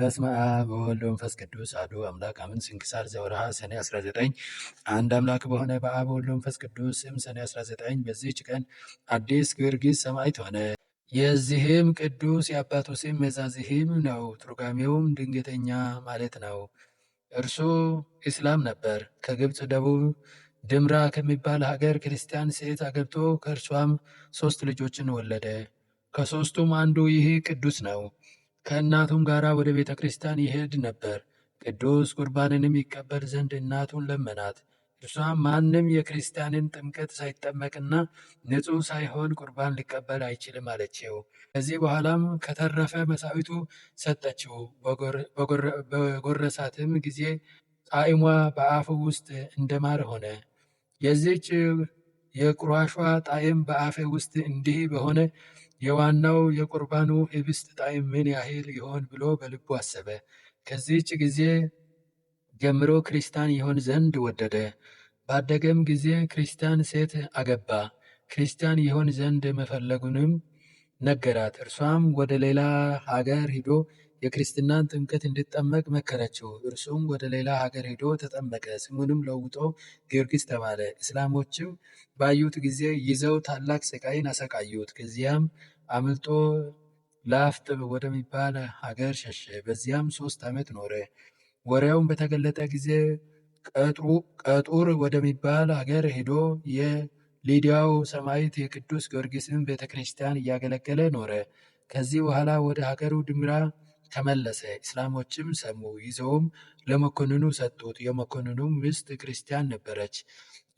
በስመ አብ ወወልድ ወመንፈስ ቅዱስ አሐዱ አምላክ አሜን። ስንክሳር ዘወርኀ ሰኔ 19 አንድ አምላክ በሆነ በአብ ወወልድ ወመንፈስ ቅዱስ ስም ሰኔ 19 በዚህች ቀን አዲስ ጊዮርጊስ ሰማዕት ሆነ። የዚህም ቅዱስ የአባቱ ስም መዛዝሂም ነው። ትርጓሜውም ድንገተኛ ማለት ነው። እርሱ ኢስላም ነበር። ከግብፅ ደቡብ ድምራ ከሚባል ሀገር ክርስቲያን ሴት አገብቶ ከእርሷም ሶስት ልጆችን ወለደ። ከሶስቱም አንዱ ይህ ቅዱስ ነው። ከእናቱም ጋር ወደ ቤተ ክርስቲያን ይሄድ ነበር። ቅዱስ ቁርባንንም ይቀበል ዘንድ እናቱን ለመናት። እርሷም ማንም የክርስቲያንን ጥምቀት ሳይጠመቅና ንጹሕ ሳይሆን ቁርባን ሊቀበል አይችልም አለችው። ከዚህ በኋላም ከተረፈ መሳዊቱ ሰጠችው። በጎረሳትም ጊዜ ጣዕሟ በአፍ ውስጥ እንደማር ሆነ። የዚች የቁራሿ ጣዕም በአፌ ውስጥ እንዲህ በሆነ የዋናው የቁርባኑ ህብስት ጣዕም ምን ያህል ይሆን ብሎ በልቡ አሰበ። ከዚህች ጊዜ ጀምሮ ክርስቲያን ይሆን ዘንድ ወደደ። ባደገም ጊዜ ክርስቲያን ሴት አገባ። ክርስቲያን ይሆን ዘንድ መፈለጉንም ነገራት። እርሷም ወደ ሌላ ሀገር ሂዶ የክርስትናን ጥምቀት እንድጠመቅ መከረችው። እርሱም ወደ ሌላ ሀገር ሄዶ ተጠመቀ። ስሙንም ለውጦ ጊዮርጊስ ተባለ። እስላሞችም ባዩት ጊዜ ይዘው ታላቅ ስቃይን አሰቃዩት። ከዚያም አምልጦ ላፍጥ ወደሚባል ሀገር ሸሸ። በዚያም ሶስት ዓመት ኖረ። ወሬውም በተገለጠ ጊዜ ቀጡር ወደሚባል ሀገር ሄዶ የሊዲያው ሰማዕት የቅዱስ ጊዮርጊስን ቤተክርስቲያን እያገለገለ ኖረ። ከዚህ በኋላ ወደ ሀገሩ ድምራ ተመለሰ። እስላሞችም ሰሙ፣ ይዘውም ለመኮንኑ ሰጡት። የመኮንኑም ሚስት ክርስቲያን ነበረች።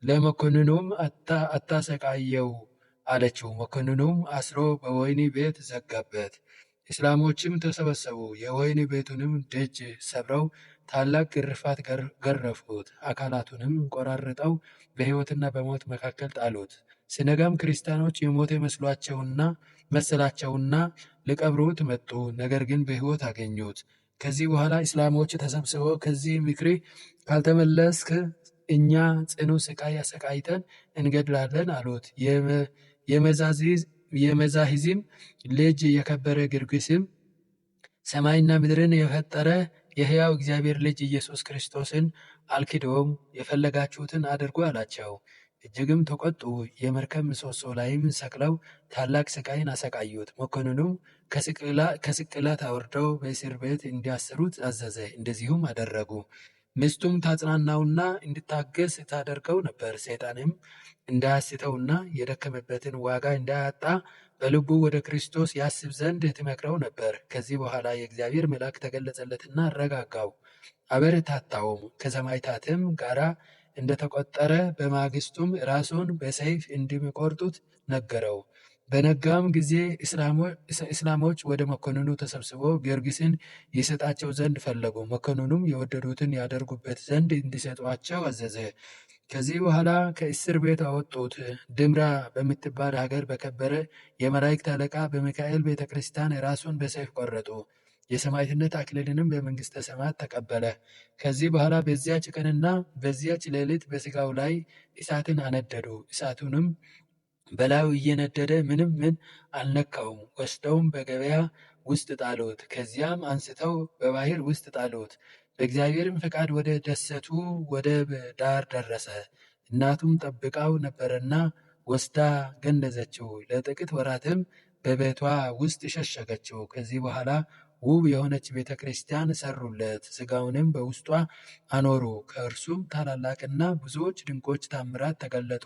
ለመኮንኑም አታሰቃየው አለችው። መኮንኑም አስሮ በወህኒ ቤት ዘጋበት። እስላሞችም ተሰበሰቡ፣ የወህኒ ቤቱንም ደጅ ሰብረው ታላቅ ግርፋት ገረፉት። አካላቱንም ቆራርጠው በሕይወትና በሞት መካከል ጣሉት። ሲነጋም ክርስቲያኖች የሞተ መስሏቸውና መሰላቸውና ሊቀብሩት መጡ። ነገር ግን በሕይወት አገኙት። ከዚህ በኋላ እስላሞች ተሰብስበው ከዚህ ምክሪ ካልተመለስክ እኛ ጽኑ ስቃይ አሰቃይተን እንገድላለን አሉት። የመዛሂዝም ልጅ የከበረ ግርግስም ሰማይና ምድርን የፈጠረ የሕያው እግዚአብሔር ልጅ ኢየሱስ ክርስቶስን አልክደውም፣ የፈለጋችሁትን አድርጉ አላቸው። እጅግም ተቆጡ የመርከብ ምሰሶ ላይም ሰቅለው ታላቅ ስቃይን አሰቃዩት መኮንኑም ከስቅላት አውርደው በእስር ቤት እንዲያስሩት አዘዘ። እንደዚሁም አደረጉ። ሚስቱም ታጽናናውና እንዲታገስ ታደርገው ነበር። ሰይጣንም እንዳያስተውና የደከመበትን ዋጋ እንዳያጣ በልቡ ወደ ክርስቶስ ያስብ ዘንድ ትመክረው ነበር። ከዚህ በኋላ የእግዚአብሔር መልአክ ተገለጸለትና አረጋጋው፣ አበረታታውም ከሰማዕታትም ጋራ እንደተቆጠረ በማግስቱም ራሱን በሰይፍ እንደሚቆርጡት ነገረው። በነጋም ጊዜ እስላሞች ወደ መኮንኑ ተሰብስበው ጊዮርጊስን ይሰጣቸው ዘንድ ፈለጉ። መኮንኑም የወደዱትን ያደርጉበት ዘንድ እንዲሰጧቸው አዘዘ። ከዚህ በኋላ ከእስር ቤት አወጡት። ድምራ በምትባል ሀገር በከበረ የመላእክት አለቃ በሚካኤል ቤተ ክርስቲያን ራሱን በሰይፍ ቆረጡ። የሰማዕትነት አክሊልንም በመንግሥተ ሰማያት ተቀበለ። ከዚህ በኋላ በዚያች ቀንና በዚያች ሌሊት በሥጋው ላይ እሳትን አነደዱ። እሳቱንም በላዩ እየነደደ ምንም ምን አልነካውም። ወስደውም በገበያ ውስጥ ጣሉት። ከዚያም አንስተው በባህር ውስጥ ጣሉት። በእግዚአብሔርም ፈቃድ ወደ ደሰቱ ወደ ዳር ደረሰ። እናቱም ጠብቃው ነበረና ወስዳ ገነዘችው። ለጥቂት ወራትም በቤቷ ውስጥ ሸሸገችው። ከዚህ በኋላ ውብ የሆነች ቤተ ክርስቲያን ሰሩለት፣ ስጋውንም በውስጧ አኖሩ። ከእርሱም ታላላቅና ብዙዎች ድንቆች ታምራት ተገለጡ።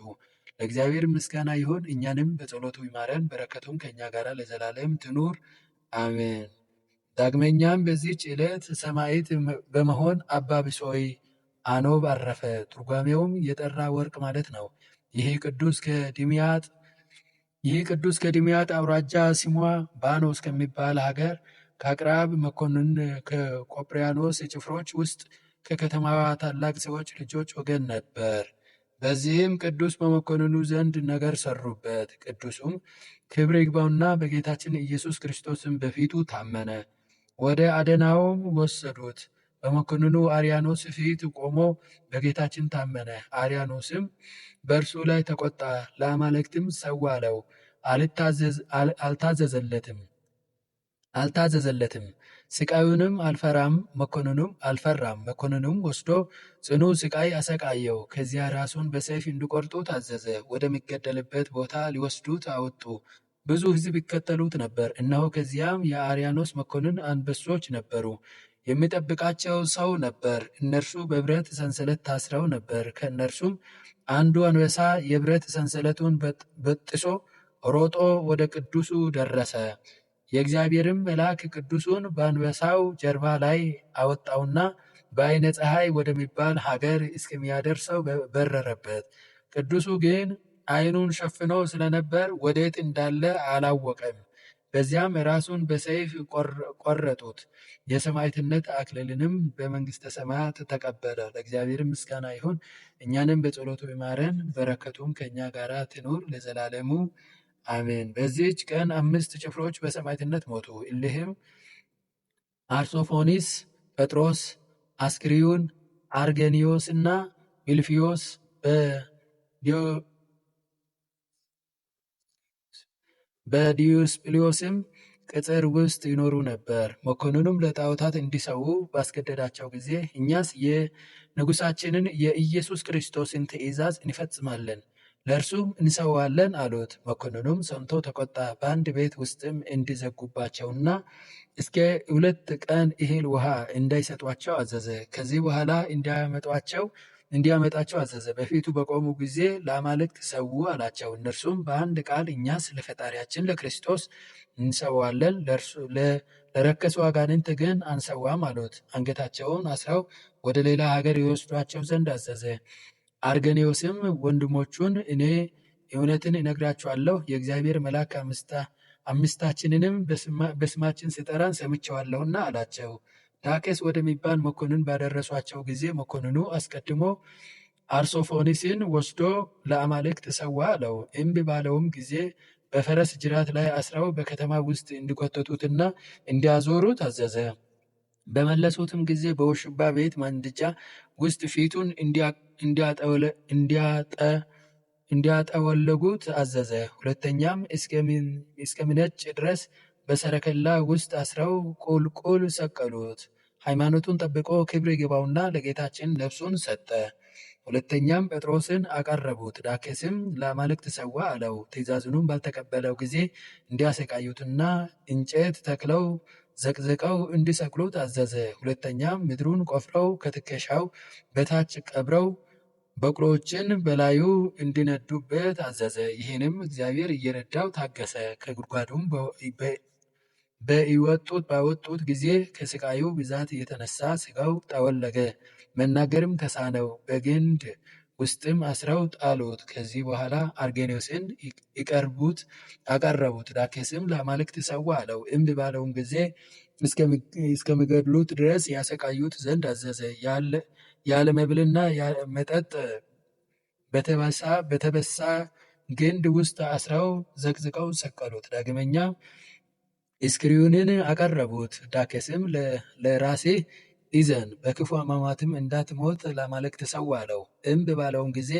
ለእግዚአብሔር ምስጋና ይሁን፣ እኛንም በጸሎቱ ይማረን፣ በረከቱም ከእኛ ጋር ለዘላለም ትኑር አሜን። ዳግመኛም በዚህች ዕለት ሰማዕት በመሆን አባ ብሶይ አኖብ አረፈ። ትርጓሜውም የጠራ ወርቅ ማለት ነው። ይህ ቅዱስ ከድሚያጥ ይህ ቅዱስ አውራጃ ሲሟ ባኖስ ከሚባል ሀገር ከአቅራብ መኮንን ከቆፕሪያኖስ ጭፍሮች ውስጥ ከከተማዋ ታላቅ ሰዎች ልጆች ወገን ነበር። በዚህም ቅዱስ በመኮንኑ ዘንድ ነገር ሰሩበት። ቅዱሱም ክብር ይግባውና በጌታችን ኢየሱስ ክርስቶስም በፊቱ ታመነ። ወደ አደናውም ወሰዱት። በመኮንኑ አርያኖስ ፊት ቆሞ በጌታችን ታመነ። አርያኖስም በእርሱ ላይ ተቆጣ፣ ለአማልክትም ሰዋለው፣ አልታዘዘለትም። አልታዘዘለትም። ሥቃዩንም አልፈራም መኮንኑም አልፈራም። መኮንኑም ወስዶ ጽኑ ሥቃይ አሰቃየው። ከዚያ ራሱን በሰይፍ እንዲቆርጡ ታዘዘ። ወደሚገደልበት ቦታ ሊወስዱት አወጡ። ብዙ ሕዝብ ይከተሉት ነበር። እነሆ ከዚያም የአርያኖስ መኮንን አንበሶች ነበሩ። የሚጠብቃቸው ሰው ነበር። እነርሱ በብረት ሰንሰለት ታስረው ነበር። ከእነርሱም አንዱ አንበሳ የብረት ሰንሰለቱን በጥሶ ሮጦ ወደ ቅዱሱ ደረሰ። የእግዚአብሔርም መልአክ ቅዱሱን በአንበሳው ጀርባ ላይ አወጣውና በአይነ ፀሐይ ወደሚባል ሀገር እስከሚያደርሰው በረረበት። ቅዱሱ ግን አይኑን ሸፍኖ ስለነበር ወዴት እንዳለ አላወቀም። በዚያም ራሱን በሰይፍ ቆረጡት። የሰማዕትነት አክሊልንም በመንግሥተ ሰማያት ተቀበለ። ለእግዚአብሔር ምስጋና ይሁን። እኛንም በጸሎቱ ይማረን፣ በረከቱም ከእኛ ጋር ትኑር ለዘላለሙ አሜን። በዚህች ቀን አምስት ጭፍሮች በሰማዕትነት ሞቱ። እሊህም አርሶፎኒስ፣ ጴጥሮስ፣ አስክሪዩን፣ አርገኒዮስ እና ቢልፊዮስ በዲዮስጵልዮስም ቅጽር ውስጥ ይኖሩ ነበር። መኮንኑም ለጣዖታት እንዲሰዉ ባስገደዳቸው ጊዜ እኛስ የንጉሳችንን የኢየሱስ ክርስቶስን ትእዛዝ እንፈጽማለን ለእርሱም እንሰዋለን አሉት። መኮንኑም ሰምቶ ተቆጣ። በአንድ ቤት ውስጥም እንዲዘጉባቸውና እስከ ሁለት ቀን እህል ውሃ እንዳይሰጧቸው አዘዘ። ከዚህ በኋላ እንዲያመጧቸው እንዲያመጣቸው አዘዘ። በፊቱ በቆሙ ጊዜ ለአማልክት ሰው አላቸው። እነርሱም በአንድ ቃል እኛ ለፈጣሪያችን ለክርስቶስ እንሰዋለን፣ ለረከሱ አጋንንት ግን አንሰዋም አሉት። አንገታቸውን አስረው ወደ ሌላ ሀገር ይወስዷቸው ዘንድ አዘዘ። አርገኔዎስም ወንድሞቹን እኔ እውነትን እነግራችኋለሁ የእግዚአብሔር መልአክ አምስታችንንም በስማችን ስጠራን ሰምቸዋለሁና አላቸው። ዳቄስ ወደሚባል መኮንን ባደረሷቸው ጊዜ መኮንኑ አስቀድሞ አርሶፎኒስን ወስዶ ለአማልክት ሰዋ አለው። እምቢ ባለውም ጊዜ በፈረስ ጅራት ላይ አስረው በከተማ ውስጥ እንዲጎተቱትና እንዲያዞሩት አዘዘ። በመለሱትም ጊዜ በውሽባ ቤት ማንድጃ ውስጥ ፊቱን እንዲያጠወለጉት አዘዘ። ሁለተኛም እስከሚነጭ ድረስ በሰረከላ ውስጥ አስረው ቁልቁል ሰቀሉት። ሃይማኖቱን ጠብቆ ክብር ይግባውና ለጌታችን ነፍሱን ሰጠ። ሁለተኛም ጴጥሮስን አቀረቡት። ዳኬስም ለአማልክት ሰዋ አለው። ትእዛዙንም ባልተቀበለው ጊዜ እንዲያሰቃዩትና እንጨት ተክለው ዘቅዝቀው እንዲሰቅሉት አዘዘ። ሁለተኛም ምድሩን ቆፍረው ከትከሻው በታች ቀብረው በቅሎችን በላዩ እንዲነዱበት አዘዘ። ይህንም እግዚአብሔር እየረዳው ታገሰ። ከጉድጓዱም በወጡት ባወጡት ጊዜ ከስቃዩ ብዛት የተነሳ ስጋው ጠወለገ፣ መናገርም ተሳነው። በግንድ ውስጥም አስረው ጣሉት። ከዚህ በኋላ አርጌኔዎስን ይቀርቡት አቀረቡት። ዳኬስም ለአማልክት ሰዋ አለው። እምቢ ባለውም ጊዜ እስከሚገድሉት ድረስ ያሰቃዩት ዘንድ አዘዘ። ያለ መብልና መጠጥ በተበሳ ግንድ ውስጥ አስረው ዘቅዝቀው ሰቀሉት። ዳግመኛ እስክሪውንን አቀረቡት። ዳኬስም ለራሴ ይዘን በክፉ ሕማማትም እንዳትሞት ለአማልክት ተሰዋለው። እምቢ ባለውም ጊዜ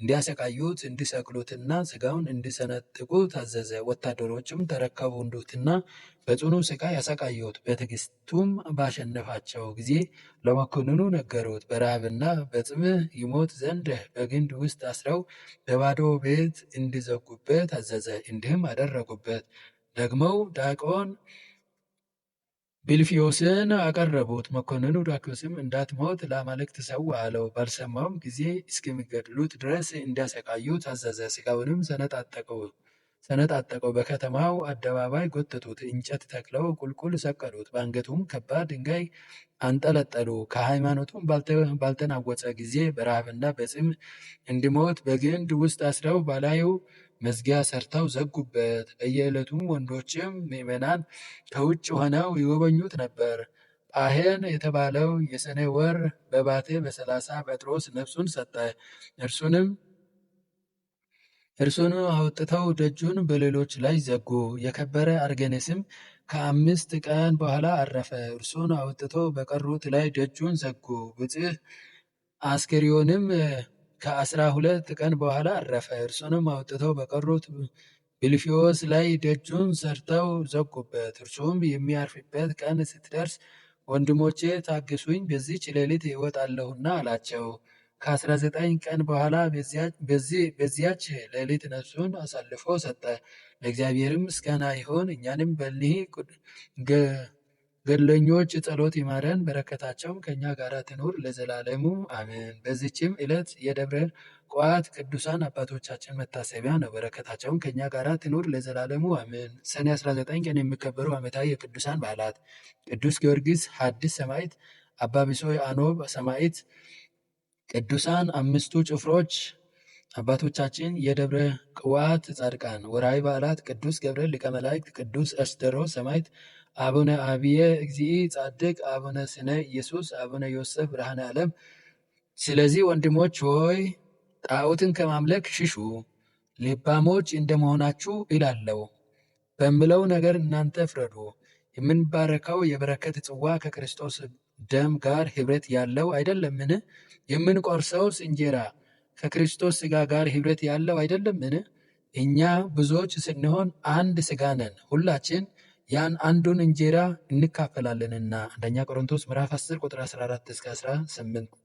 እንዲያሰቃዩት እንዲሰቅሉትና ስጋውን እንዲሰነጥቁ ታዘዘ። ወታደሮችም እንዱትና በጽኑ ሥቃይ ያሰቃዩት። በትዕግስቱም ባሸነፋቸው ጊዜ ለመኮንኑ ነገሩት። በረሃብና በጽምህ ይሞት ዘንድ በግንድ ውስጥ አስረው በባዶ ቤት እንዲዘጉበት አዘዘ። እንዲህም አደረጉበት። ደግመው ዳቆን ቢልፊዮስን አቀረቡት። መኮንኑ ዳኪዎስም እንዳትሞት ለአማልክት ሰው አለው። ባልሰማውም ጊዜ እስከሚገድሉት ድረስ እንዲያሰቃዩት አዘዘ። ስጋውንም ሰነጣጠቀው። ሰነጣጠቀው። በከተማው አደባባይ ጎተቱት። እንጨት ተክለው ቁልቁል ሰቀሉት። በአንገቱም ከባድ ድንጋይ አንጠለጠሉ። ከሃይማኖቱም ባልተናወፀ ጊዜ በረሃብና በጽም እንዲሞት በግንድ ውስጥ አስረው በላዩ መዝጊያ ሰርተው ዘጉበት። በየዕለቱም ወንዶችም ምዕመናን ከውጭ ሆነው ይጎበኙት ነበር። ጳሄን የተባለው የሰኔ ወር በባቴ በሰላሳ ጴጥሮስ ነፍሱን ሰጠ። እርሱንም እርሱን አውጥተው ደጁን በሌሎች ላይ ዘጉ። የከበረ አርጌኔስም ከአምስት ቀን በኋላ አረፈ። እርሱን አውጥተው በቀሩት ላይ ደጁን ዘጉ። ብጽሕ አስከሪዮንም ከአስራ ሁለት ቀን በኋላ አረፈ። እርሱንም አውጥተው በቀሩት ብልፊዎስ ላይ ደጁን ሰርተው ዘጉበት። እርሱም የሚያርፍበት ቀን ስትደርስ ወንድሞቼ ታግሱኝ፣ በዚች ሌሊት እወጣለሁና አላቸው። ከ19 ቀን በኋላ በዚያች ሌሊት ነፍሱን አሳልፎ ሰጠ። ለእግዚአብሔርም ምስጋና ይሁን፣ እኛንም በእሊህ ገድለኞች ጸሎት ይማረን፣ በረከታቸውም ከእኛ ጋር ትኑር ለዘላለሙ አሜን። በዚችም ዕለት የደብረ ቋት ቅዱሳን አባቶቻችን መታሰቢያ ነው። በረከታቸውም ከእኛ ጋር ትኑር ለዘላለሙ አሜን። ሰኔ 19 ቀን የሚከበሩ ዓመታዊ የቅዱሳን በዓላት፦ ቅዱስ ጊዮርጊስ ሐዲስ ሰማዕት፣ አባ ብሶይ አኖብ ሰማዕት ቅዱሳን አምስቱ ጭፍሮች አባቶቻችን የደብረ ቅዋት ጻድቃን ወርሃዊ በዓላት ቅዱስ ገብርኤል ሊቀ መላእክት፣ ቅዱስ እርስደሮስ ሰማዕት፣ አቡነ አብየ እግዚእ ጻድቅ፣ አቡነ ስነ ኢየሱስ፣ አቡነ ዮሴፍ ብርሃነ ዓለም። ስለዚህ ወንድሞች ሆይ ጣዖትን ከማምለክ ሽሹ፣ ልባሞች እንደመሆናችሁ እላለሁ በምለው ነገር እናንተ ፍረዱ። የምንባረከው የበረከት ጽዋ ከክርስቶስ ደም ጋር ህብረት ያለው አይደለምን? የምንቆርሰውስ እንጀራ ከክርስቶስ ስጋ ጋር ህብረት ያለው አይደለምን? እኛ ብዙዎች ስንሆን አንድ ስጋ ነን፣ ሁላችን ያን አንዱን እንጀራ እንካፈላለንና። አንደኛ ቆሮንቶስ ምዕራፍ 10 ቁጥር 14 እስከ 18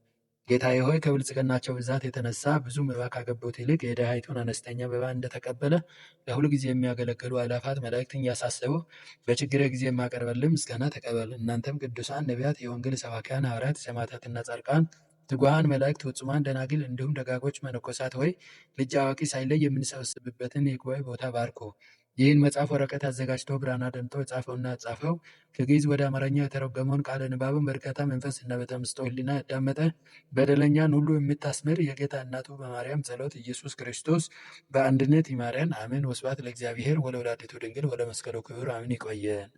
ጌታዬ ሆይ ከብልጽግናቸው ብዛት የተነሳ ብዙ መባ ካገቡት ይልቅ የድሃይቱን አነስተኛ መባ እንደተቀበለ ለሁል ጊዜ የሚያገለግሉ አላፋት መላእክትን እያሳሰቡ በችግር ጊዜ የማቀርበልም ምስጋና ተቀበል። እናንተም ቅዱሳን ነቢያት፣ የወንጌል ሰባኪያን ሐዋርያት፣ ሰማዕታትና ጻድቃን ትጉሃን መላእክት፣ ፍጹማን ደናግል፣ እንዲሁም ደጋጎች መነኮሳት ወይ ልጅ አዋቂ ሳይለይ የምንሰበስብበትን የጉባኤ ቦታ ባርኩ ይህን መጽሐፍ ወረቀት አዘጋጅቶ ብራና ደምጦ የጻፈውና ያጻፈው ከግዕዝ ወደ አማርኛ የተረጎመውን ቃለ ንባብን በእርጋታ መንፈስ እና በተመስጦ ሕሊና ያዳመጠ በደለኛን ሁሉ የምታስምር የጌታ እናቱ በማርያም ጸሎት ኢየሱስ ክርስቶስ በአንድነት ይማረን። አሜን። ወስብሐት ለእግዚአብሔር ወለወላዲቱ ድንግል ወለመስቀሉ ክቡር። አሜን። ይቆየን።